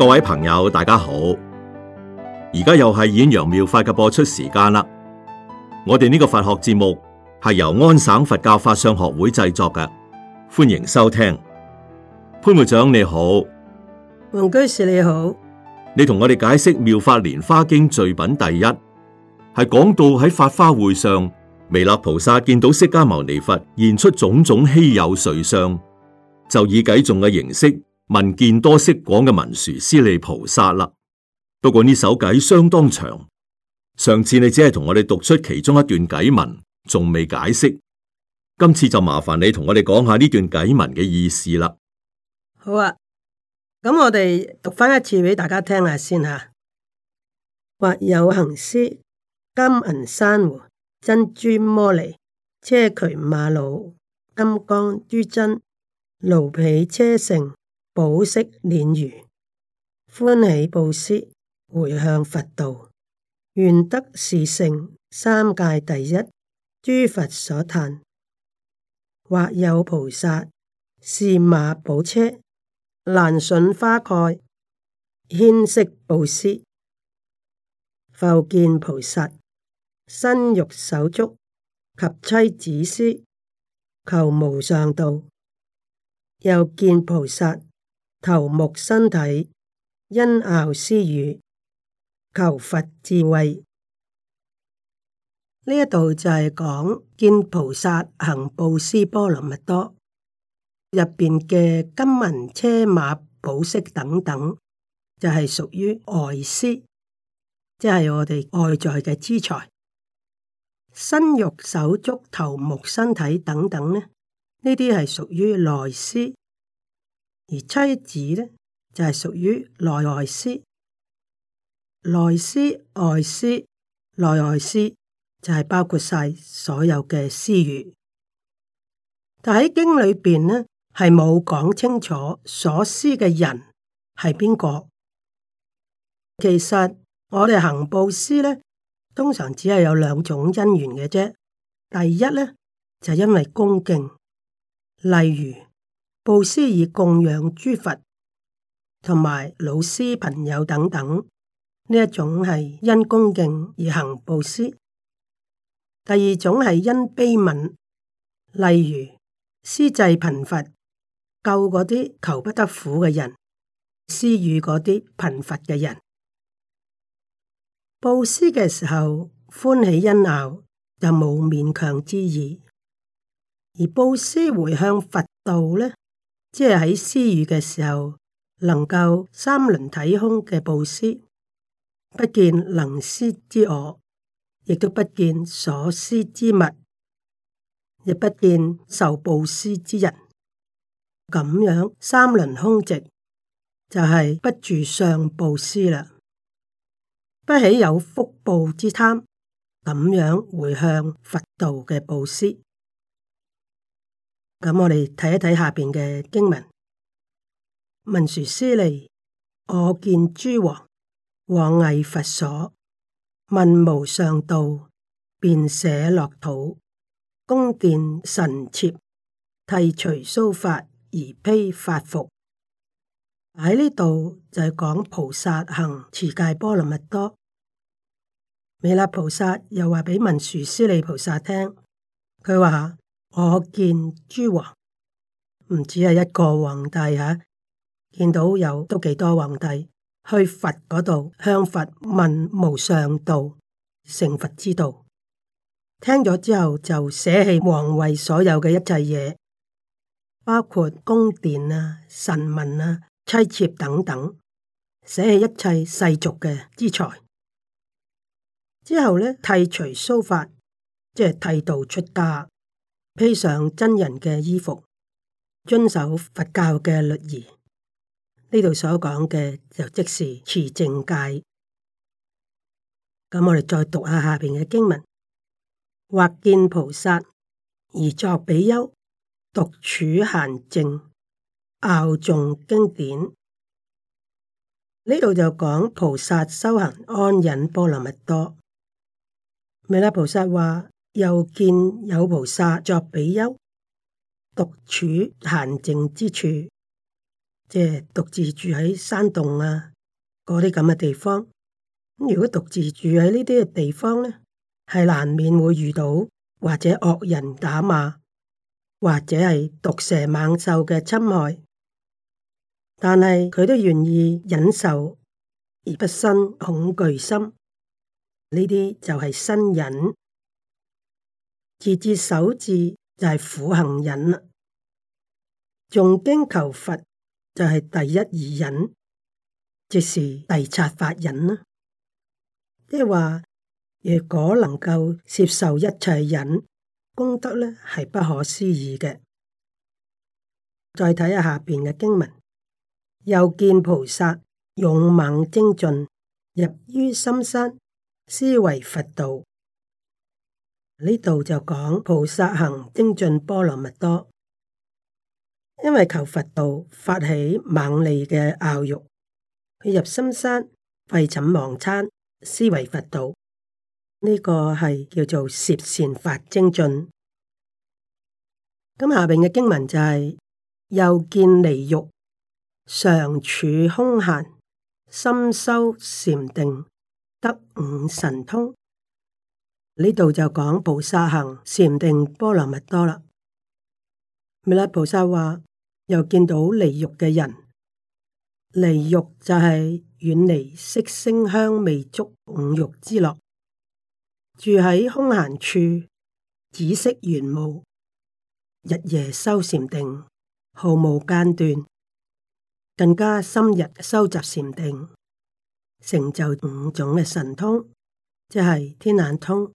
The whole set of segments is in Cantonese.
各位朋友，大家好！而家又係演《楊妙法》嘅播出時間啦。我哋呢個佛學節目係由安省佛教法相學會製作嘅，歡迎收聽。潘會長你好，黃居士你好，你同我哋解釋《妙法蓮華經》序品第一，係講到喺法華會上，彌勒菩薩見到釋迦牟尼佛現出種種稀有瑞相，就以偈頌嘅形式。文見多識廣嘅文殊師利菩薩啦，不過呢首偈相當長，上次你只係同我哋讀出其中一段偈文，仲未解釋，今次就麻煩你同我哋講下呢段偈文嘅意思啦。好啊，咁我哋讀翻一次俾大家聽下先吓。或有行施「金銀珊瑚珍珠摩尼車渠瑪瑙，金剛諸珍奴婢車乘。」寶飾輦輿，歡喜布施，回向佛道，願得是乘，三界第一，諸佛所嘆。或有菩薩駟馬寶車，欄楯花蓋軒飾布施。復見菩薩，身肉手足及妻子施，求無上道。又見菩薩。頭目身體欣樂施與，求佛智慧。呢一度就係講見菩薩行布施波羅蜜多，入邊嘅金銀車馬寶飾等等就係、是、屬於外施，即係我哋外在嘅資財。身肉手足頭目身體等等呢，呢啲係屬於內施。而妻子咧就係、是、屬於內外思，內思外思內外思就係、是、包括晒所有嘅私欲，但喺經裏邊咧係冇講清楚所思嘅人係邊個。其實我哋行布施咧，通常只係有兩種因緣嘅啫。第一咧就係因為恭敬，例如。布施以供養諸佛同埋老師朋友等等，呢一種係因恭敬而行布施；第二種係因悲憫，例如施濟貧乏、救嗰啲求不得苦嘅人、施予嗰啲貧乏嘅人。布施嘅時候歡喜恩流，又冇勉強之意；而布施回向佛道咧。即係喺施與嘅時候，能夠三輪體空嘅布施，不見能施之我，亦都不見所施之物，亦不見受布施之人。咁樣三輪空寂，就係、是、不住上布施啦，不起有福報之貪。咁樣回向佛道嘅布施。咁我哋睇一睇下邊嘅經文。文殊師利，我見諸王往詣佛所，問無上道，便捨樂土宮殿臣妾，剃除鬚髮而披法服。喺呢度就係講菩薩行持戒波羅蜜多。彌勒菩薩又話畀文殊師利菩薩聽，佢話。我見諸王，唔止係一個皇帝吓、啊，見到有都幾多皇帝去佛嗰度向佛問無上道，成佛之道。聽咗之後就捨棄王位，所有嘅一切嘢，包括宮殿啊、臣民啊、妻妾等等，捨棄一切世俗嘅資財。之後咧剃除鬚髮，即係剃度出家。披上真人嘅衣服，遵守佛教嘅律儀，呢度所講嘅就即是持正戒。咁我哋再讀下下邊嘅經文：或見菩薩而作比丘，獨處閒靜，樂誦經典。呢度就講菩薩修行安忍波羅蜜多。彌勒菩薩話。又見有菩薩作比丘，獨處閒靜之處，即係獨自住喺山洞啊，嗰啲咁嘅地方。如果獨自住喺呢啲嘅地方咧，係難免會遇到，或者惡人打罵，或者係毒蛇猛獸嘅侵害。但係佢都願意忍受，而不生恐懼心。呢啲就係身忍。自節首字就係苦行忍啦，誦經求佛就係第一義忍，即是諦察法忍啦。即係話，如果能夠接受一切忍，功德呢係不可思議嘅。再睇下下邊嘅經文，又見菩薩勇猛精進，入於深山，思惟佛道。呢度就講菩薩行精進波羅蜜多，因為求佛道發起猛利嘅拗欲，佢入深山廢寢忘餐思維佛道。呢、這個係叫做攝善法精進。咁下邊嘅經文就係、是、又見離欲，常處空閒，深修禪定，得五神通。呢度就講菩薩行禪定波羅蜜多啦。彌勒菩薩話：又見到離欲嘅人，離欲就係遠離色聲香味觸五欲之樂，住喺空閒處，紫色玄悟，日夜修禪定，毫無間斷，更加深入收集禪定，成就五種嘅神通，即係天眼通。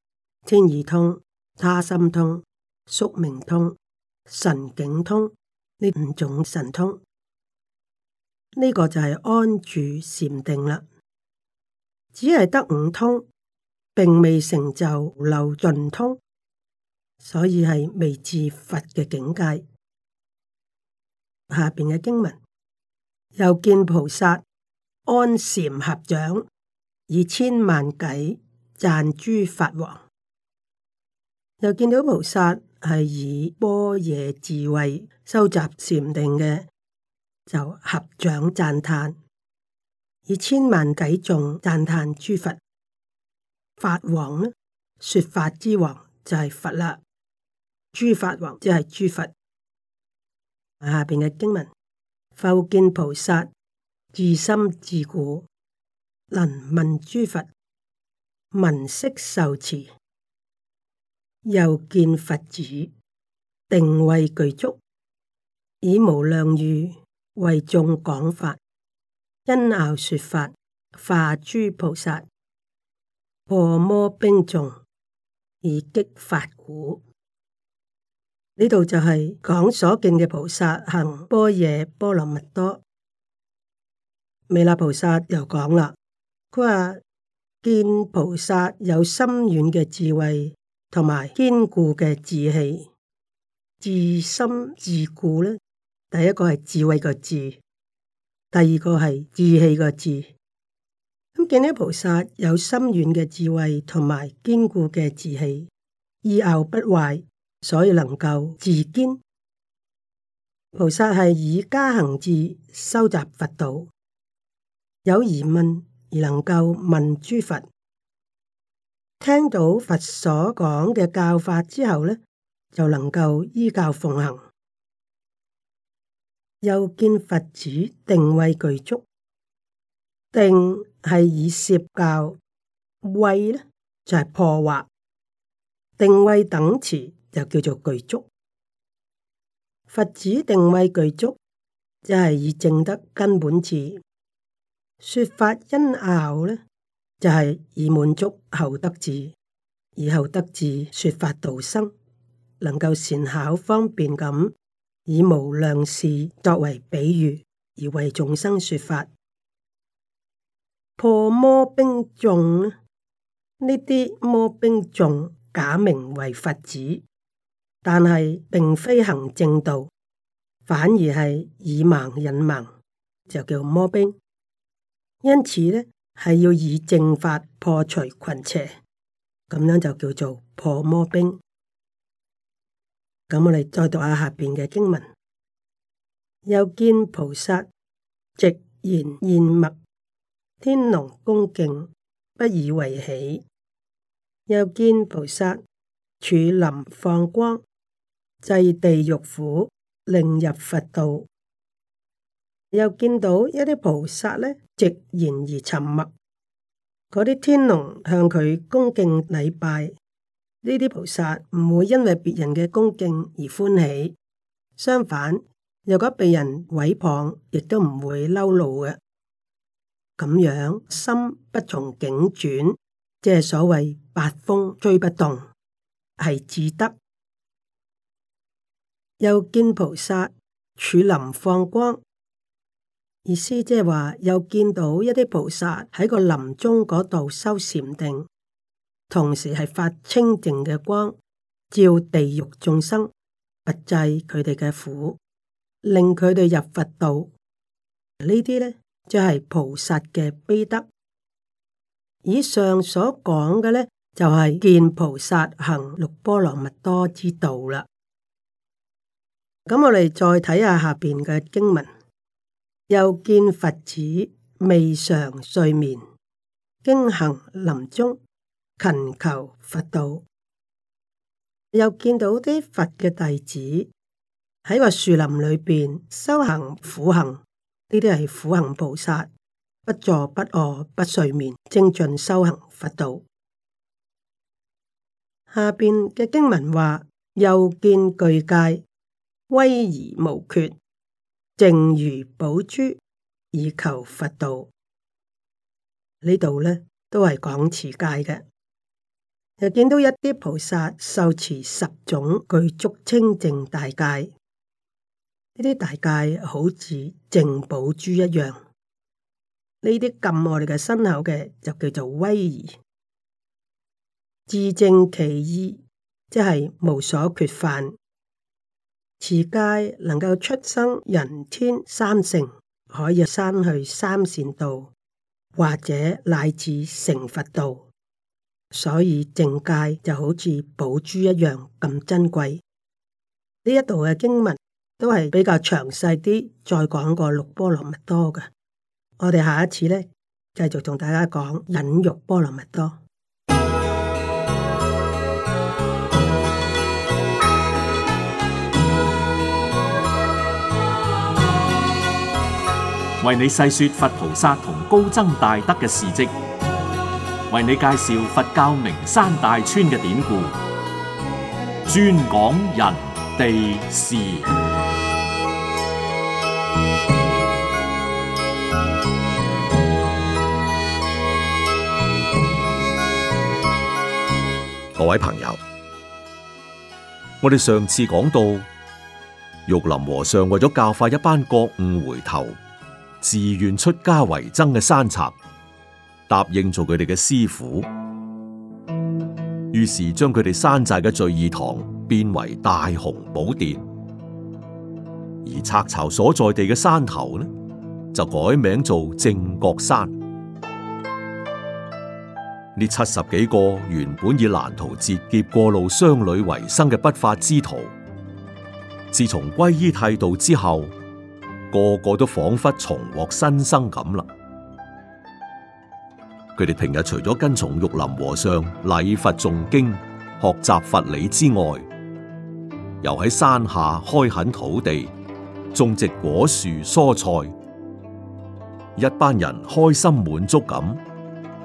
天耳通、他心通、宿命通、神境通，呢五種神通，呢、這個就係安住禪定啦。只係得五通，並未成就漏盡通，所以係未至佛嘅境界。下邊嘅經文又見菩薩安禪合掌，以千萬偈贊諸法王。又見到菩薩係以般若智慧收集禪定嘅，就合掌讚歎，以千萬偈眾讚歎諸佛法王呢？說法之王就係佛啦。諸法王即係諸佛。下面嘅經文：否見菩薩自心自古能問諸佛，聞悉受持。又見佛子，定慧具足，以無量語為眾講法，因拗說法化諸菩薩，破魔兵眾以擊法鼓。呢度就係講所見嘅菩薩行般若波羅蜜多。彌勒菩薩又講啦，佢話見菩薩有深遠嘅智慧。同埋堅固嘅志氣，自心自固咧。第一個係智慧個智，第二個係志氣個志。咁見呢菩薩有深遠嘅智慧同埋堅固嘅志氣，意拗不壞，所以能夠自堅。菩薩係以加行智收集佛道，有疑問而能夠問諸佛。聽到佛所講嘅教法之後呢，就能夠依教奉行。又見佛主定慧具足，定係以攝教，慧呢就係、是、破壞。定慧等持就叫做具足。佛主定慧具足，就係、是、以證得根本智說法因拗呢。就係以滿足後得智，以後得智說法度生，能夠善巧方便咁以無量事作為比喻而為眾生說法。破魔兵眾呢？呢啲魔兵眾假名為佛子，但係並非行正道，反而係以盲引盲，就叫魔兵。因此呢？係要以正法破除群邪，咁樣就叫做破魔兵。咁我哋再讀下下邊嘅經文：又見菩薩寂然宴默，天龍恭敬，不以為喜；又見菩薩處林放光，濟地獄苦，令入佛道。又見到一啲菩薩呢，寂然而沉默。嗰啲天龍向佢恭敬禮拜，呢啲菩薩唔會因為別人嘅恭敬而歡喜。相反，如果被人毀謗，亦都唔會嬲怒嘅。咁樣心不從境轉，即係所謂八風吹不動，係自得。又見菩薩處林放光。意思即係話，又見到一啲菩薩喺個林中嗰度修禪定，同時係發清淨嘅光，照地獄眾生，拔濟佢哋嘅苦，令佢哋入佛道。呢啲呢，就係、是、菩薩嘅悲德。以上所講嘅呢，就係、是、見菩薩行六波羅蜜多之道啦。咁我哋再睇下下邊嘅經文。又見佛子未嘗睡眠，經行林中勤求佛道。又見到啲佛嘅弟子喺個樹林裏邊修行苦行，呢啲係苦行菩薩，不坐不卧不睡眠，精進修行佛道。下邊嘅經文話：又見具戒威儀無缺。正如寶珠以求佛道，呢度咧都係講持戒嘅。又見到一啲菩薩受持十種具足清淨大戒，呢啲大戒好似淨寶珠一樣。呢啲咁我哋嘅身口嘅就叫做威儀，自正其意，即係無所缺犯。持戒能夠出生人天三乘，可以生去三善道，或者乃至成佛道。所以淨戒就好似寶珠一樣咁珍貴。呢一度嘅經文都係比較詳細啲，再講過六波羅蜜多嘅。我哋下一次咧，繼續同大家講忍辱波羅蜜多。為你細說佛菩薩同高僧大德嘅事跡，為你介紹佛教名山大川嘅典故，專講人地事。各位朋友，我哋上次講到，玉林和尚為咗教化一班覺悟回頭。自願出家為僧嘅山賊答應做佢哋嘅師父。於是將佢哋山寨嘅聚義堂變為大雄寶殿，而賊巢所在地嘅山頭呢就改名做正覺山。呢七十幾個原本以攔途截劫過路商旅為生嘅不法之徒，自從皈依剃度之後，個個都仿佛重獲新生咁啦。佢哋平日除咗跟從玉林和尚禮佛誦經、學習佛理之外，又喺山下開墾土地、種植果樹、蔬菜。一班人開心滿足咁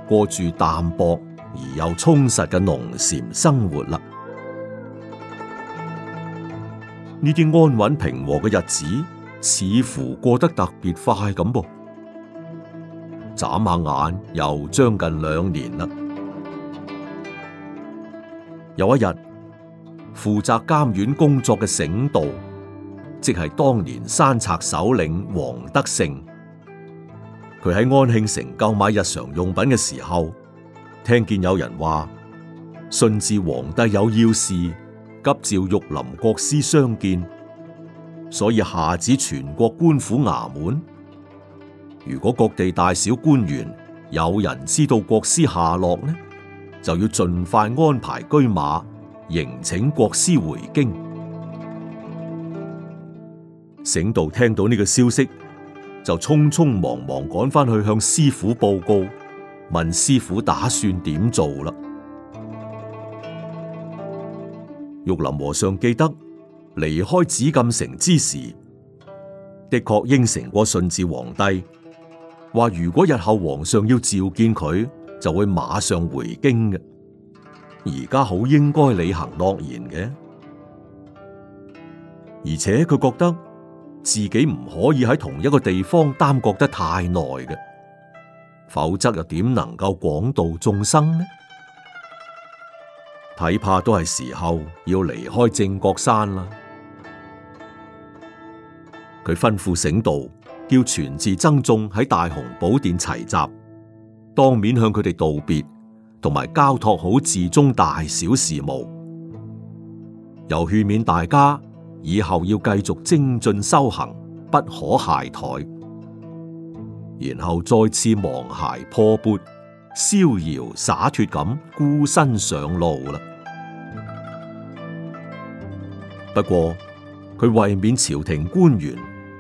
過住淡薄而又充實嘅農禪生活啦。呢啲安穩平和嘅日子，似乎過得特別快咁噃，眨下眼又將近兩年啦。有一日，負責監院工作嘅省道，即係當年山賊首領黃德勝，佢喺安慶城購買日常用品嘅時候，聽見有人話順治皇帝有要事，急召玉林國師相見。所以下旨全國官府衙門，如果各地大小官員有人知道國師下落呢，就要盡快安排車馬迎請國師回京。醒道聽到呢個消息，就匆匆忙忙趕翻去向師傅報告，問師傅打算點做啦。玉林和尚記得。離開紫禁城之時，的確應承過順治皇帝，話如果日後皇上要召見佢，就會馬上回京嘅。而家好應該履行諾言嘅，而且佢覺得自己唔可以喺同一個地方耽擱得太耐嘅，否則又點能夠廣度眾生呢？睇怕都係時候要離開正覺山啦。佢吩咐醒道，叫全寺僧眾喺大雄寶殿齊集，當面向佢哋道別，同埋交託好寺中大小事務，又勸勉大家以後要繼續精進修行，不可懈怠，然後再次芒鞋破缽，逍遙灑脫咁孤身上路啦。不過。佢為免朝廷官員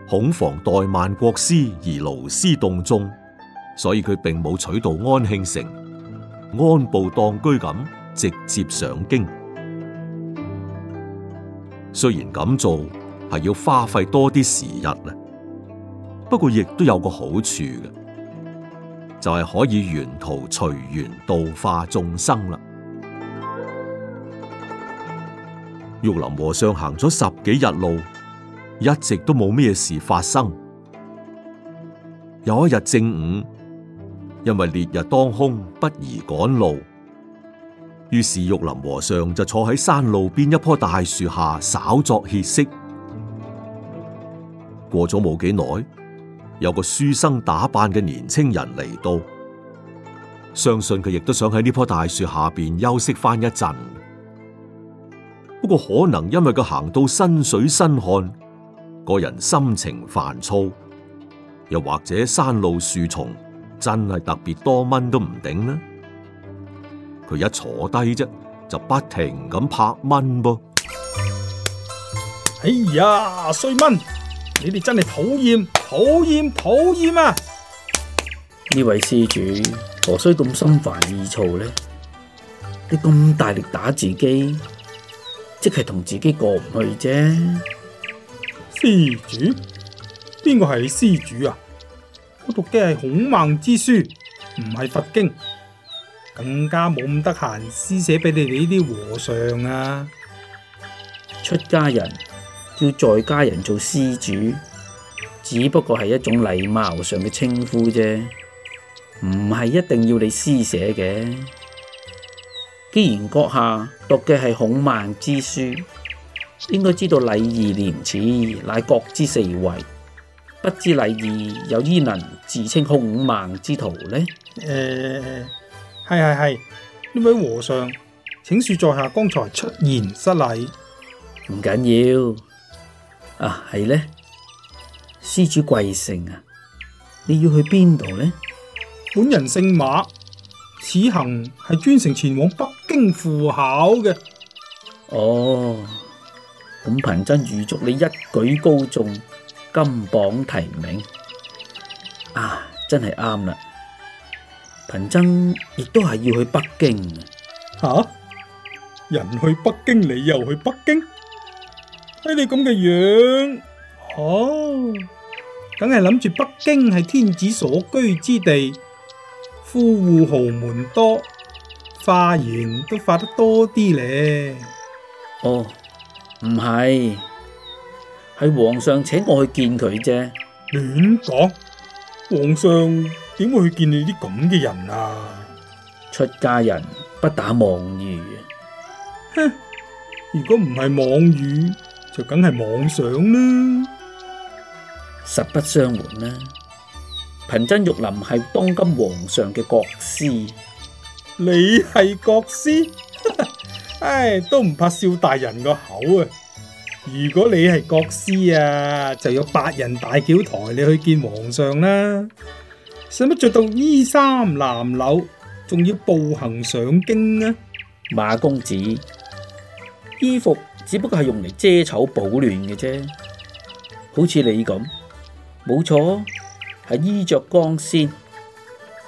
恐防怠慢國師而勞師動眾，所以佢並冇取道安慶城安步當居咁直接上京。雖然咁做係要花費多啲時日咧，不過亦都有個好處嘅，就係可以沿途隨緣度化眾生啦。玉林和尚行咗十幾日路，一直都冇咩事發生。有一日正午，因為烈日當空，不宜趕路，於是玉林和尚就坐喺山路邊一棵大樹下稍作歇息。過咗冇幾耐，有個書生打扮嘅年青人嚟到，相信佢亦都想喺呢棵大樹下邊休息翻一陣。不過可能因為佢行到身水身汗，個人心情煩躁，又或者山路樹叢真係特別多蚊都唔定呢。佢一坐低啫，就不停咁拍蚊噃。哎呀，衰蚊，蚊！你哋真係討厭，討厭，討厭啊！呢位施主何須咁心煩意躁呢？你咁大力打自己？即係同自己過唔去啫。施主？邊個係施主啊？我讀嘅係孔孟之書，唔係佛經，更加冇咁得閒施捨俾你哋呢啲和尚啊！出家人叫在家人做施主，只不過係一種禮貌上嘅稱呼啫，唔係一定要你施捨嘅。既然閣下讀嘅係孔孟之書，應該知道禮義廉恥乃國之四維。不知禮儀又焉能自稱孔孟之徒呢？誒、嗯，係係係，呢位和尚，請恕在下剛才出言失禮。唔緊要啊，係呢？施主貴姓啊？你要去邊度呢？本人姓馬。此行係專程前往北京赴考嘅。哦，咁貧僧預祝你一舉高中，金榜題名。啊，真係啱啦！貧僧亦都係要去北京。吓？人去北京，你又去北京？睇你咁嘅樣，哦，梗係諗住北京係天子所居之地。富戶豪門多，化緣都化得多啲咧。哦，唔係，係皇上請我去見佢啫。亂講，皇上點會去見你啲咁嘅人啊？出家人不打妄語。哼， 如果唔係妄語，就梗係妄想啦。實不相瞞啦、啊。貧僧玉林係當今皇上嘅國師，你係國師？ 唉，都唔怕笑大人個口啊！如果你係國師啊，就有八人大轎抬你去見皇上啦。使乜着到衣衫襤褸，仲要步行上京啊？馬公子，衣服只不過係用嚟遮醜保暖嘅啫，好似你咁，冇錯。係衣着光鮮，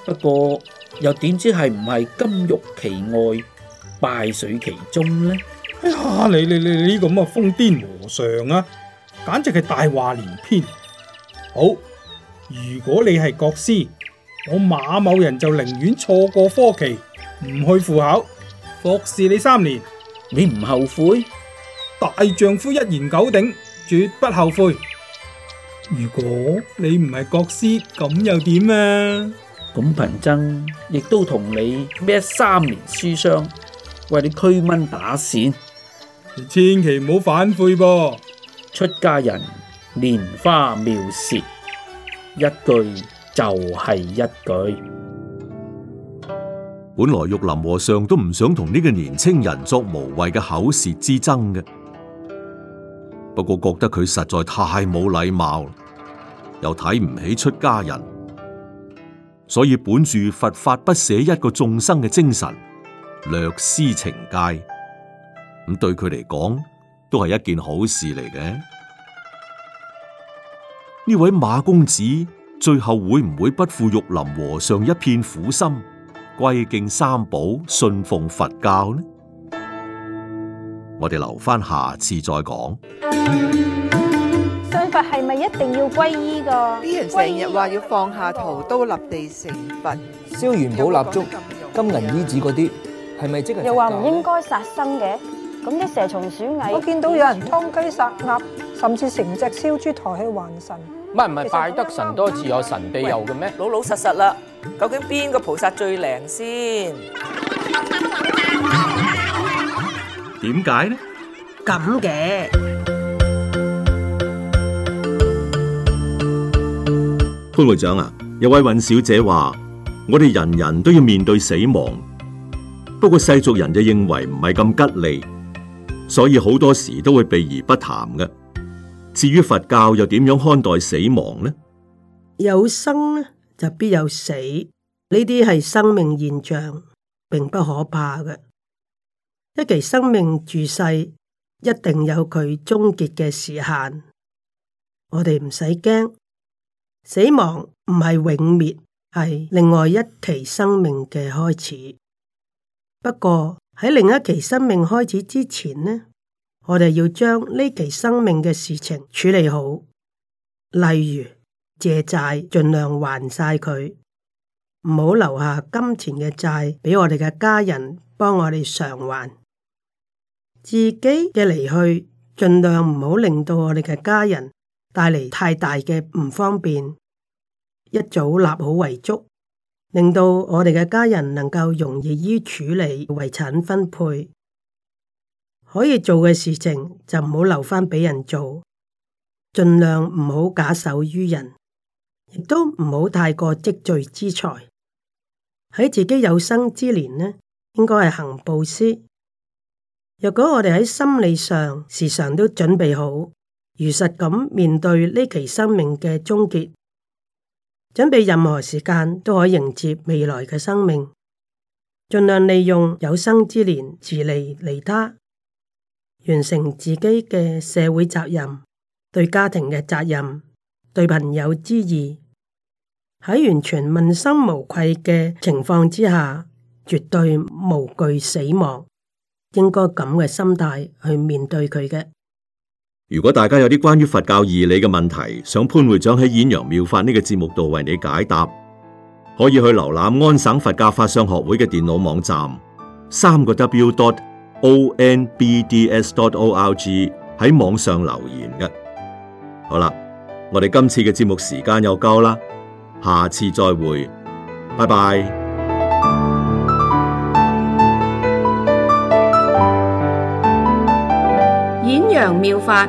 不過又點知係唔係金玉其外，敗絮其中呢？哎呀，你你你呢個咁嘅瘋癲和尚啊，簡直係大話連篇！好，如果你係國師，我馬某人就寧願錯過科期，唔去赴考，服侍你三年，你唔後悔？大丈夫一言九鼎，絕不後悔。如果你唔係國師，咁又點啊？咁貧僧亦都同你咩三年書箱，為你驅蚊打扇，你千祈唔好反悔噃。出家人蓮花妙舌，一句就係一句。本來玉林和尚都唔想同呢個年青人作無謂嘅口舌之爭嘅，不過覺得佢實在太冇禮貌。又睇唔起出家人，所以本住佛法不捨一個眾生嘅精神，略施懲戒，咁對佢嚟講都係一件好事嚟嘅。呢位馬公子最後會唔會不負玉林和尚一片苦心，歸敬三寶，信奉佛教呢？我哋留翻下次再講。係咪一定要皈依噶？啲人成日話要放下屠刀立地成佛，燒元寶蠟燭、金銀衣紙嗰啲，係咪即係？又話唔應該殺生嘅，咁啲蛇蟲鼠蟻，我見到有人劏雞殺鴨，甚至成隻燒豬抬去還神。唔係唔係，拜得神多自有神庇佑嘅咩？老老實實啦，究竟邊個菩薩最靈先？點解呢？咁嘅。潘會長啊，有位尹小姐話：我哋人人都要面對死亡，不過世俗人就認為唔係咁吉利，所以好多時都會避而不談嘅。至於佛教又點樣看待死亡呢？有生呢就必有死，呢啲係生命現象，並不可怕嘅。一期生命住世，一定有佢終結嘅時限，我哋唔使驚。死亡唔係永滅，係另外一期生命嘅開始。不過喺另一期生命開始之前呢，我哋要將呢期生命嘅事情處理好，例如借債盡量還晒佢，唔好留下金錢嘅債俾我哋嘅家人幫我哋償還。自己嘅離去，盡量唔好令到我哋嘅家人。帶嚟太大嘅唔方便，一早立好遺囑，令到我哋嘅家人能夠容易於處理遺產分配，可以做嘅事情就唔好留翻俾人做，盡量唔好假手於人，亦都唔好太過積聚之財。喺自己有生之年呢，應該係行布施。若果我哋喺心理上時常都準備好。如實咁面對呢期生命嘅終結，準備任何時間都可迎接未來嘅生命，盡量利用有生之年自利利他，完成自己嘅社會責任、對家庭嘅責任、對朋友之意。喺完全問心無愧嘅情況之下，絕對無懼死亡，應該咁嘅心態去面對佢嘅。如果大家有啲關於佛教義理嘅問題，想潘會長喺《演陽妙法》呢、這個節目度為你解答，可以去瀏覽安省佛教法相學會嘅電腦網站，三個 W dot O N B D S dot O R G 喺網上留言嘅。好啦，我哋今次嘅節目時間又夠啦，下次再會，拜拜。演陽妙法。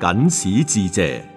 僅此致謝。